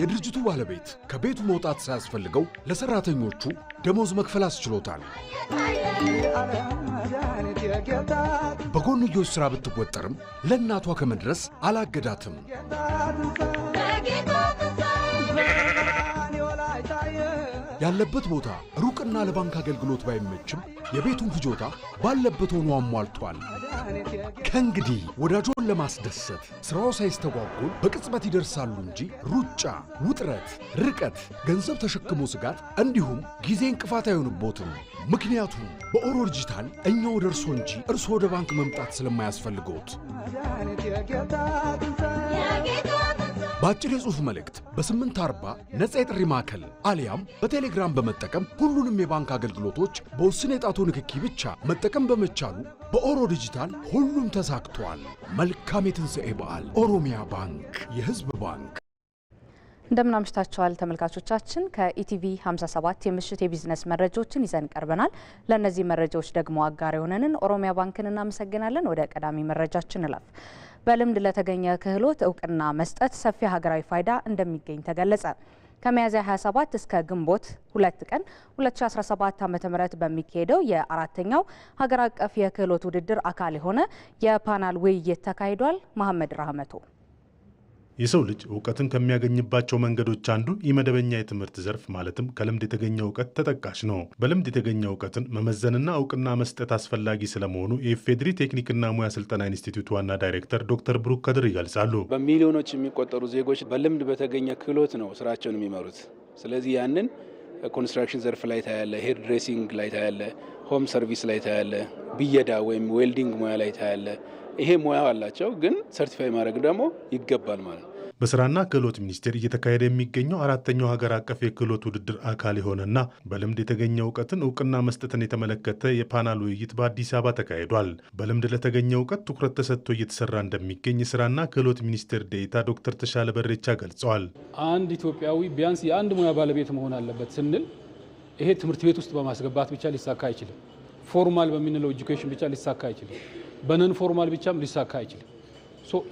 የድርጅቱ ባለቤት ከቤቱ መውጣት ሳያስፈልገው ለሰራተኞቹ ደሞዝ መክፈል አስችሎታል። በጎንዮች ሥራ ብትወጠርም ለእናቷ ከመድረስ አላገዳትም። ያለበት ቦታ ሩቅና ለባንክ አገልግሎት ባይመችም የቤቱን ፍጆታ ባለበት ሆኖ አሟልቷል። ከእንግዲህ ወዳጆን ለማስደሰት ስራው ሳይስተጓጉል በቅጽበት ይደርሳሉ እንጂ ሩጫ፣ ውጥረት፣ ርቀት፣ ገንዘብ ተሸክሞ ስጋት እንዲሁም ጊዜ እንቅፋት አይሆንቦትም። ምክንያቱም በኦሮ ዲጂታል እኛው ወደ እርሶ እንጂ እርሶ ወደ ባንክ መምጣት ስለማያስፈልገውት በአጭር የጽሑፍ መልእክት በ840 ነጻ የጥሪ ማዕከል አሊያም በቴሌግራም በመጠቀም ሁሉንም የባንክ አገልግሎቶች በውስን የጣቱ ንክኪ ብቻ መጠቀም በመቻሉ በኦሮ ዲጂታል ሁሉም ተሳክቷል። መልካም የትንሣኤ በዓል። ኦሮሚያ ባንክ የሕዝብ ባንክ። እንደምን አምሽታችኋል ተመልካቾቻችን። ከኢቲቪ 57 የምሽት የቢዝነስ መረጃዎችን ይዘን ቀርበናል። ለእነዚህ መረጃዎች ደግሞ አጋር የሆነንን ኦሮሚያ ባንክን እናመሰግናለን። ወደ ቀዳሚ መረጃችን እለፍ። በልምድ ለተገኘ ክህሎት እውቅና መስጠት ሰፊ ሀገራዊ ፋይዳ እንደሚገኝ ተገለጸ። ከሚያዝያ 27 እስከ ግንቦት 2 ቀን 2017 ዓ.ም በሚካሄደው የአራተኛው ሀገር አቀፍ የክህሎት ውድድር አካል የሆነ የፓናል ውይይት ተካሂዷል። መሐመድ ራህመቶ የሰው ልጅ እውቀትን ከሚያገኝባቸው መንገዶች አንዱ የመደበኛ የትምህርት ዘርፍ ማለትም ከልምድ የተገኘ እውቀት ተጠቃሽ ነው። በልምድ የተገኘ እውቀትን መመዘንና እውቅና መስጠት አስፈላጊ ስለመሆኑ የኢፌድሪ ቴክኒክና ሙያ ስልጠና ኢንስቲትዩት ዋና ዳይሬክተር ዶክተር ብሩክ ከድር ይገልጻሉ። በሚሊዮኖች የሚቆጠሩ ዜጎች በልምድ በተገኘ ክህሎት ነው ስራቸውን የሚመሩት። ስለዚህ ያንን ኮንስትራክሽን ዘርፍ ላይ ታያለ፣ ሄር ድሬሲንግ ላይ ታያለ፣ ሆም ሰርቪስ ላይ ታያለ፣ ብየዳ ወይም ዌልዲንግ ሙያ ላይ ታያለ። ይሄ ሙያ አላቸው፣ ግን ሰርቲፋይ ማድረግ ደግሞ ይገባል ማለት ነው። በስራና ክህሎት ሚኒስቴር እየተካሄደ የሚገኘው አራተኛው ሀገር አቀፍ የክህሎት ውድድር አካል የሆነና በልምድ የተገኘ እውቀትን እውቅና መስጠትን የተመለከተ የፓናል ውይይት በአዲስ አበባ ተካሂዷል። በልምድ ለተገኘ እውቀት ትኩረት ተሰጥቶ እየተሰራ እንደሚገኝ የስራና ክህሎት ሚኒስቴር ዴኤታ ዶክተር ተሻለ በሬቻ ገልጸዋል። አንድ ኢትዮጵያዊ ቢያንስ የአንድ ሙያ ባለቤት መሆን አለበት ስንል ይሄ ትምህርት ቤት ውስጥ በማስገባት ብቻ ሊሳካ አይችልም። ፎርማል በምንለው ኤጁኬሽን ብቻ ሊሳካ አይችልም። በነን ፎርማል ብቻም ሊሳካ አይችልም።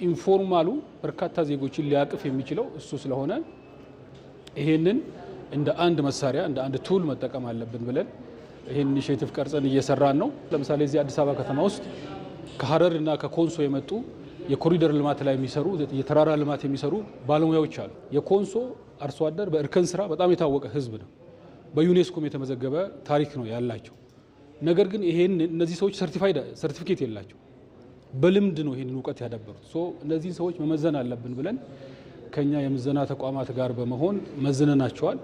ኢንፎርማሉ በርካታ ዜጎችን ሊያቅፍ የሚችለው እሱ ስለሆነ ይሄንን እንደ አንድ መሳሪያ እንደ አንድ ቱል መጠቀም አለብን ብለን ይህን ኢኒሽቲቭ ቀርጸን እየሰራን ነው። ለምሳሌ እዚህ አዲስ አበባ ከተማ ውስጥ ከሀረር እና ከኮንሶ የመጡ የኮሪደር ልማት ላይ የሚሰሩ የተራራ ልማት የሚሰሩ ባለሙያዎች አሉ። የኮንሶ አርሶ አደር በእርከን ስራ በጣም የታወቀ ህዝብ ነው። በዩኔስኮም የተመዘገበ ታሪክ ነው ያላቸው። ነገር ግን ይሄን እነዚህ ሰዎች ሰርቲፊኬት የላቸው በልምድ ነው ይህንን እውቀት ያዳበሩት። ሶ እነዚህን ሰዎች መመዘን አለብን ብለን ከኛ የምዘና ተቋማት ጋር በመሆን መዝነናቸዋል።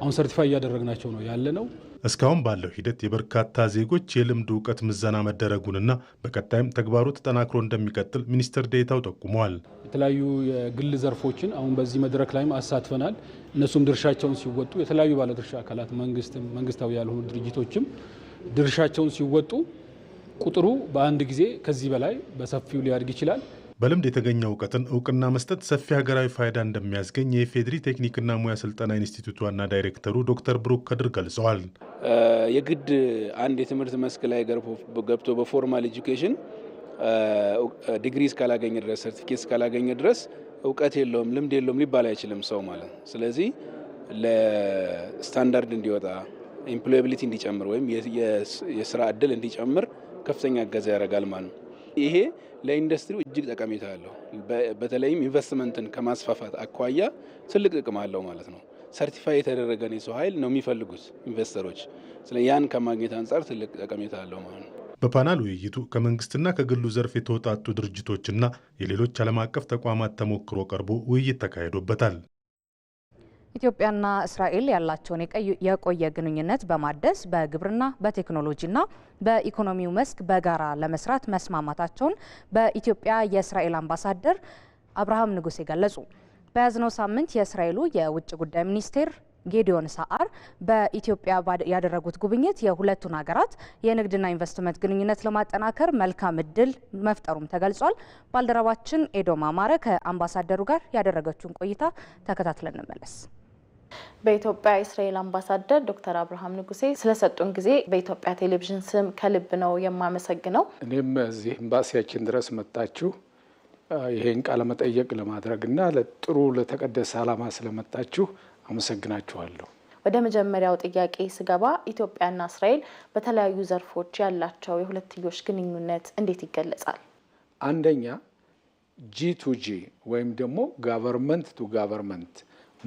አሁን ሰርቲፋይ እያደረግናቸው ነው ያለ ነው። እስካሁን ባለው ሂደት የበርካታ ዜጎች የልምድ እውቀት ምዘና መደረጉንና በቀጣይም ተግባሩ ተጠናክሮ እንደሚቀጥል ሚኒስትር ዴታው ጠቁመዋል። የተለያዩ የግል ዘርፎችን አሁን በዚህ መድረክ ላይም አሳትፈናል። እነሱም ድርሻቸውን ሲወጡ የተለያዩ ባለድርሻ አካላት መንግስትም፣ መንግስታዊ ያልሆኑ ድርጅቶችም ድርሻቸውን ሲወጡ ቁጥሩ በአንድ ጊዜ ከዚህ በላይ በሰፊው ሊያድግ ይችላል። በልምድ የተገኘ እውቀትን እውቅና መስጠት ሰፊ ሀገራዊ ፋይዳ እንደሚያስገኝ የኢፌድሪ ቴክኒክና ሙያ ስልጠና ኢንስቲትዩት ዋና ዳይሬክተሩ ዶክተር ብሩክ ከድር ገልጸዋል። የግድ አንድ የትምህርት መስክ ላይ ገብቶ በፎርማል ኤጁኬሽን ዲግሪ እስካላገኘ ድረስ ሰርቲፊኬት እስካላገኘ ድረስ እውቀት የለውም ልምድ የለውም ሊባል አይችልም ሰው ማለት ነው። ስለዚህ ለስታንዳርድ እንዲወጣ ኢምፕሎያብሊቲ እንዲጨምር ወይም የስራ እድል እንዲጨምር ከፍተኛ እገዛ ያደርጋል ማለት ነው። ይሄ ለኢንዱስትሪው እጅግ ጠቀሜታ አለው። በተለይም ኢንቨስትመንትን ከማስፋፋት አኳያ ትልቅ ጥቅም አለው ማለት ነው። ሰርቲፋይ የተደረገን የሰው ኃይል ነው የሚፈልጉት ኢንቨስተሮች። ስለ ያን ከማግኘት አንጻር ትልቅ ጠቀሜታ አለው ማለት ነው። በፓናል ውይይቱ ከመንግስትና ከግሉ ዘርፍ የተወጣጡ ድርጅቶችና የሌሎች ዓለም አቀፍ ተቋማት ተሞክሮ ቀርቦ ውይይት ተካሂዶበታል። ኢትዮጵያና እስራኤል ያላቸውን የቆየ ግንኙነት በማደስ በግብርና በቴክኖሎጂና በኢኮኖሚው መስክ በጋራ ለመስራት መስማማታቸውን በኢትዮጵያ የእስራኤል አምባሳደር አብርሃም ንጉሴ ገለጹ። በያዝነው ሳምንት የእስራኤሉ የውጭ ጉዳይ ሚኒስቴር ጌዲዮን ሳአር በኢትዮጵያ ያደረጉት ጉብኝት የሁለቱን ሀገራት የንግድና ኢንቨስትመንት ግንኙነት ለማጠናከር መልካም እድል መፍጠሩም ተገልጿል። ባልደረባችን ኤዶም አማረ ከአምባሳደሩ ጋር ያደረገችውን ቆይታ ተከታትለን እንመለስ። በኢትዮጵያ የእስራኤል አምባሳደር ዶክተር አብርሃም ንጉሴ ስለሰጡን ጊዜ በኢትዮጵያ ቴሌቪዥን ስም ከልብ ነው የማመሰግነው። እኔም እዚህ ኤምባሲያችን ድረስ መጣችሁ ይሄን ቃለ መጠየቅ እና ለጥሩ ለተቀደሰ ዓላማ ስለመጣችሁ አመሰግናችኋለሁ። ወደ መጀመሪያው ጥያቄ ስገባ ኢትዮጵያና እስራኤል በተለያዩ ዘርፎች ያላቸው የሁለትዮሽ ግንኙነት እንዴት ይገለጻል? አንደኛ ጂ ቱ ጂ ወይም ደግሞ ጋቨርመንት ቱ ጋቨርመንት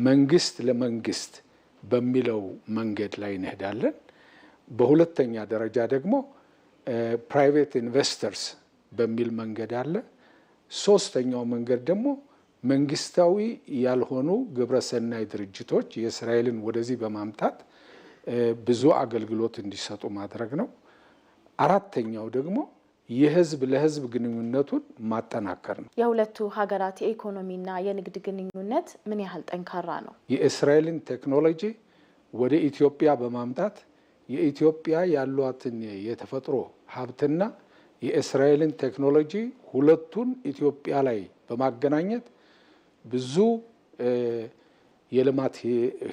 መንግስት ለመንግስት በሚለው መንገድ ላይ እንሄዳለን። በሁለተኛ ደረጃ ደግሞ ፕራይቬት ኢንቨስተርስ በሚል መንገድ አለ። ሶስተኛው መንገድ ደግሞ መንግስታዊ ያልሆኑ ግብረሰናይ ድርጅቶች የእስራኤልን ወደዚህ በማምጣት ብዙ አገልግሎት እንዲሰጡ ማድረግ ነው። አራተኛው ደግሞ የህዝብ ለህዝብ ግንኙነቱን ማጠናከር ነው። የሁለቱ ሀገራት የኢኮኖሚና የንግድ ግንኙነት ምን ያህል ጠንካራ ነው? የእስራኤልን ቴክኖሎጂ ወደ ኢትዮጵያ በማምጣት የኢትዮጵያ ያሏትን የተፈጥሮ ሀብትና የእስራኤልን ቴክኖሎጂ ሁለቱን ኢትዮጵያ ላይ በማገናኘት ብዙ የልማት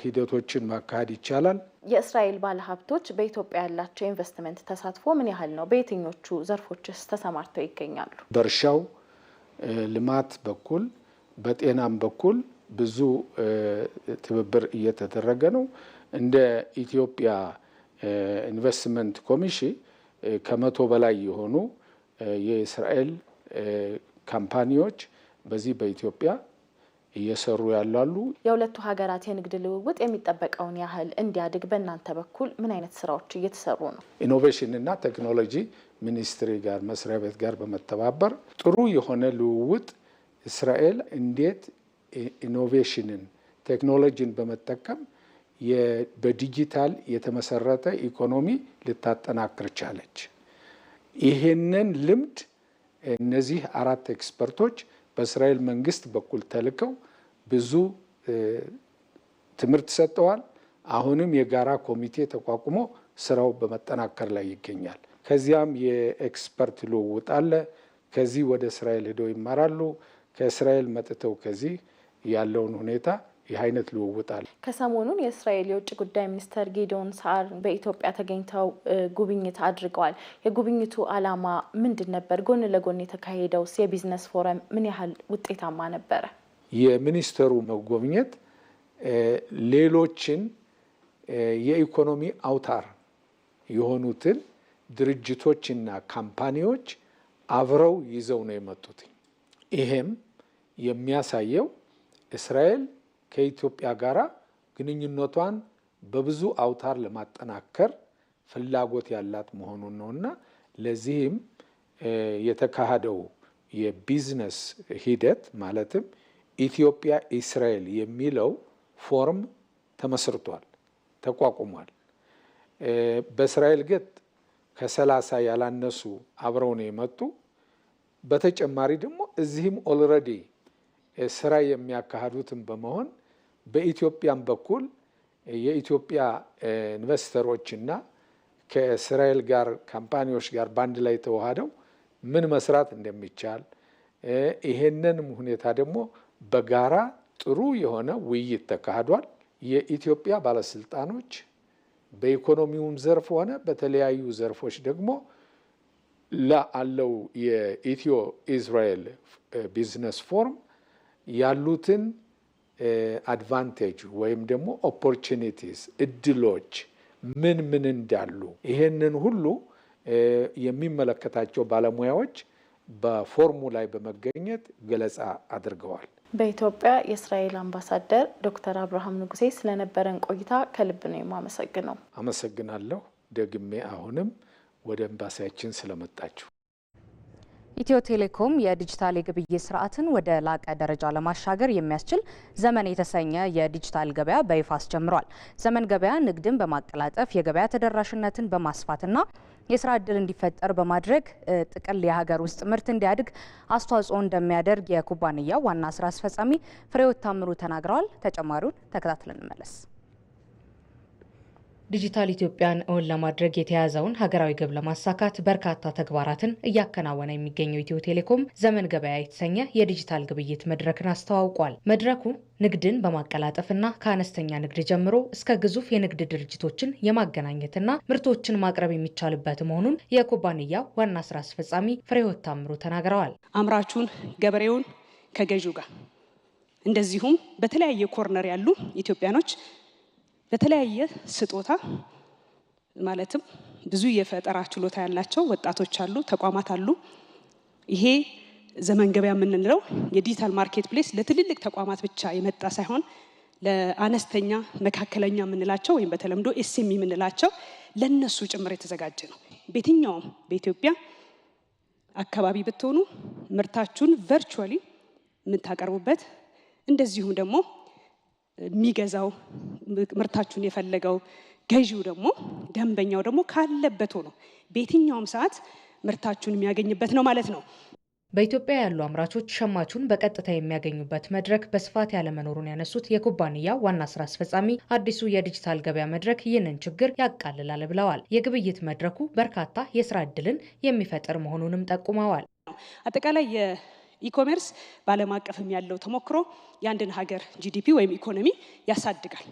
ሂደቶችን ማካሄድ ይቻላል። የእስራኤል ባለሀብቶች በኢትዮጵያ ያላቸው ኢንቨስትመንት ተሳትፎ ምን ያህል ነው? በየትኞቹ ዘርፎችስ ተሰማርተው ይገኛሉ? በእርሻው ልማት በኩል በጤናም በኩል ብዙ ትብብር እየተደረገ ነው። እንደ ኢትዮጵያ ኢንቨስትመንት ኮሚሽን ከመቶ በላይ የሆኑ የእስራኤል ካምፓኒዎች በዚህ በኢትዮጵያ እየሰሩ ያላሉ። የሁለቱ ሀገራት የንግድ ልውውጥ የሚጠበቀውን ያህል እንዲያድግ በእናንተ በኩል ምን አይነት ስራዎች እየተሰሩ ነው? ኢኖቬሽንና ቴክኖሎጂ ሚኒስትሪ ጋር መስሪያ ቤት ጋር በመተባበር ጥሩ የሆነ ልውውጥ እስራኤል እንዴት ኢኖቬሽንን ቴክኖሎጂን በመጠቀም በዲጂታል የተመሰረተ ኢኮኖሚ ልታጠናክር ቻለች። ይህንን ልምድ እነዚህ አራት ኤክስፐርቶች በእስራኤል መንግስት በኩል ተልከው ብዙ ትምህርት ሰጥተዋል። አሁንም የጋራ ኮሚቴ ተቋቁሞ ስራው በመጠናከር ላይ ይገኛል። ከዚያም የኤክስፐርት ልውውጥ አለ። ከዚህ ወደ እስራኤል ሄደው ይማራሉ። ከእስራኤል መጥተው ከዚህ ያለውን ሁኔታ ይህ አይነት ልውውጣል። ከሰሞኑን የእስራኤል የውጭ ጉዳይ ሚኒስተር ጌዲዮን ሳር በኢትዮጵያ ተገኝተው ጉብኝት አድርገዋል። የጉብኝቱ ዓላማ ምንድን ነበር? ጎን ለጎን የተካሄደውስ የቢዝነስ ፎረም ምን ያህል ውጤታማ ነበረ? የሚኒስተሩ መጎብኘት ሌሎችን የኢኮኖሚ አውታር የሆኑትን ድርጅቶችና ካምፓኒዎች አብረው ይዘው ነው የመጡት። ይሄም የሚያሳየው እስራኤል ከኢትዮጵያ ጋር ግንኙነቷን በብዙ አውታር ለማጠናከር ፍላጎት ያላት መሆኑን እና ለዚህም የተካሄደው የቢዝነስ ሂደት ማለትም ኢትዮጵያ ኢስራኤል የሚለው ፎርም ተመስርቷል፣ ተቋቁሟል። በእስራኤል ግጥ ከሰላሳ ያላነሱ አብረው ነው የመጡ። በተጨማሪ ደግሞ እዚህም ኦልረዲ ስራ የሚያካሂዱትን በመሆን በኢትዮጵያም በኩል የኢትዮጵያ ኢንቨስተሮችና ከእስራኤል ጋር ካምፓኒዎች ጋር በአንድ ላይ ተዋህደው ምን መስራት እንደሚቻል ይሄንንም ሁኔታ ደግሞ በጋራ ጥሩ የሆነ ውይይት ተካሂዷል። የኢትዮጵያ ባለስልጣኖች በኢኮኖሚውም ዘርፍ ሆነ በተለያዩ ዘርፎች ደግሞ ለአለው የኢትዮ ኢዝራኤል ቢዝነስ ፎርም ያሉትን አድቫንቴጅ ወይም ደግሞ ኦፖርቹኒቲስ እድሎች ምን ምን እንዳሉ ይሄንን ሁሉ የሚመለከታቸው ባለሙያዎች በፎርሙ ላይ በመገኘት ገለጻ አድርገዋል። በኢትዮጵያ የእስራኤል አምባሳደር ዶክተር አብርሃም ንጉሴ ስለነበረን ቆይታ ከልብ ነው የማመሰግነው። አመሰግናለሁ ደግሜ አሁንም ወደ ኤምባሲያችን ስለመጣችሁ። ኢትዮ ቴሌኮም የዲጂታል የግብይት ስርዓትን ወደ ላቀ ደረጃ ለማሻገር የሚያስችል ዘመን የተሰኘ የዲጂታል ገበያ በይፋ አስጀምሯል። ዘመን ገበያ ንግድን በማቀላጠፍ የገበያ ተደራሽነትን በማስፋትና የስራ እድል እንዲፈጠር በማድረግ ጥቅል የሀገር ውስጥ ምርት እንዲያድግ አስተዋጽኦ እንደሚያደርግ የኩባንያው ዋና ስራ አስፈጻሚ ፍሬህይወት ታምሩ ተናግረዋል። ተጨማሪውን ተከታትለን እንመለስ። ዲጂታል ኢትዮጵያን እውን ለማድረግ የተያዘውን ሀገራዊ ግብ ለማሳካት በርካታ ተግባራትን እያከናወነ የሚገኘው ኢትዮ ቴሌኮም ዘመን ገበያ የተሰኘ የዲጂታል ግብይት መድረክን አስተዋውቋል። መድረኩ ንግድን በማቀላጠፍና ከአነስተኛ ንግድ ጀምሮ እስከ ግዙፍ የንግድ ድርጅቶችን የማገናኘትና ምርቶችን ማቅረብ የሚቻልበት መሆኑን የኩባንያው ዋና ስራ አስፈጻሚ ፍሬህይወት ታምሩ ተናግረዋል። አምራቹን ገበሬውን ከገዢው ጋር እንደዚሁም በተለያየ ኮርነር ያሉ ኢትዮጵያኖች በተለያየ ስጦታ ማለትም ብዙ የፈጠራ ችሎታ ያላቸው ወጣቶች አሉ፣ ተቋማት አሉ። ይሄ ዘመን ገበያ የምንለው የዲጂታል ማርኬት ፕሌስ ለትልልቅ ተቋማት ብቻ የመጣ ሳይሆን ለአነስተኛ መካከለኛ የምንላቸው ወይም በተለምዶ ኤስኤም የምንላቸው ለነሱ ጭምር የተዘጋጀ ነው። በየትኛውም በኢትዮጵያ አካባቢ ብትሆኑ ምርታችሁን ቨርቹዋሊ የምታቀርቡበት እንደዚሁም ደግሞ የሚገዛው ምርታችሁን የፈለገው ገዢው ደግሞ ደንበኛው ደግሞ ካለበት ሆኖ በየትኛውም ሰዓት ምርታችሁን የሚያገኝበት ነው ማለት ነው። በኢትዮጵያ ያሉ አምራቾች ሸማቹን በቀጥታ የሚያገኙበት መድረክ በስፋት ያለመኖሩን ያነሱት የኩባንያው ዋና ስራ አስፈጻሚ አዲሱ የዲጂታል ገበያ መድረክ ይህንን ችግር ያቃልላል ብለዋል። የግብይት መድረኩ በርካታ የስራ እድልን የሚፈጥር መሆኑንም ጠቁመዋል። አጠቃላይ ኢኮሜርስ በዓለም አቀፍም ያለው ተሞክሮ የአንድን ሀገር ጂዲፒ ወይም ኢኮኖሚ ያሳድጋል።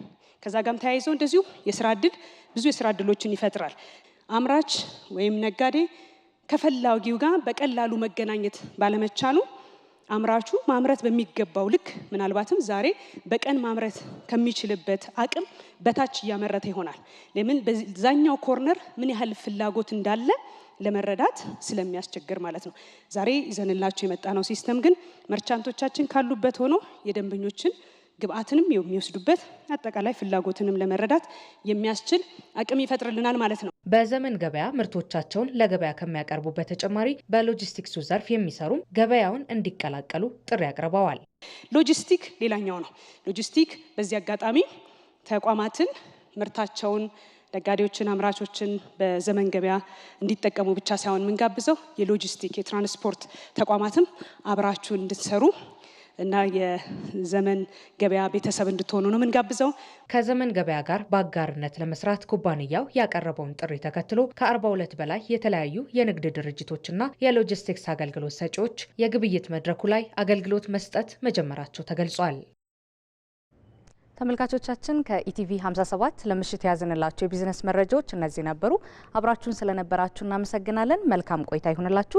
ከዛ ጋም ተያይዞ እንደዚሁ የስራ እድል ብዙ የስራ እድሎችን ይፈጥራል። አምራች ወይም ነጋዴ ከፈላጊው ጋር በቀላሉ መገናኘት ባለመቻሉ አምራቹ ማምረት በሚገባው ልክ ምናልባትም ዛሬ በቀን ማምረት ከሚችልበት አቅም በታች እያመረተ ይሆናል። ለምን በዛኛው ኮርነር ምን ያህል ፍላጎት እንዳለ ለመረዳት ስለሚያስቸግር ማለት ነው። ዛሬ ይዘንላቸው የመጣ ነው ሲስተም ግን መርቻንቶቻችን ካሉበት ሆኖ የደንበኞችን ግብአትንም የሚወስዱበት አጠቃላይ ፍላጎትንም ለመረዳት የሚያስችል አቅም ይፈጥርልናል ማለት ነው። በዘመን ገበያ ምርቶቻቸውን ለገበያ ከሚያቀርቡ በተጨማሪ በሎጂስቲክሱ ዘርፍ የሚሰሩም ገበያውን እንዲቀላቀሉ ጥሪ አቅርበዋል። ሎጂስቲክ ሌላኛው ነው። ሎጂስቲክ በዚህ አጋጣሚ ተቋማትን ምርታቸውን ነጋዴዎችን፣ አምራቾችን በዘመን ገበያ እንዲጠቀሙ ብቻ ሳይሆን የምንጋብዘው የሎጂስቲክ የትራንስፖርት ተቋማትም አብራችሁ እንድትሰሩ እና የዘመን ገበያ ቤተሰብ እንድትሆኑ ነው የምንጋብዘው። ከዘመን ገበያ ጋር በአጋርነት ለመስራት ኩባንያው ያቀረበውን ጥሪ ተከትሎ ከ42 በላይ የተለያዩ የንግድ ድርጅቶችና የሎጂስቲክስ አገልግሎት ሰጪዎች የግብይት መድረኩ ላይ አገልግሎት መስጠት መጀመራቸው ተገልጿል። ተመልካቾቻችን ከኢቲቪ 57 ለምሽት የያዝንላቸው የቢዝነስ መረጃዎች እነዚህ ነበሩ። አብራችሁን ስለነበራችሁ እናመሰግናለን። መልካም ቆይታ ይሁንላችሁ።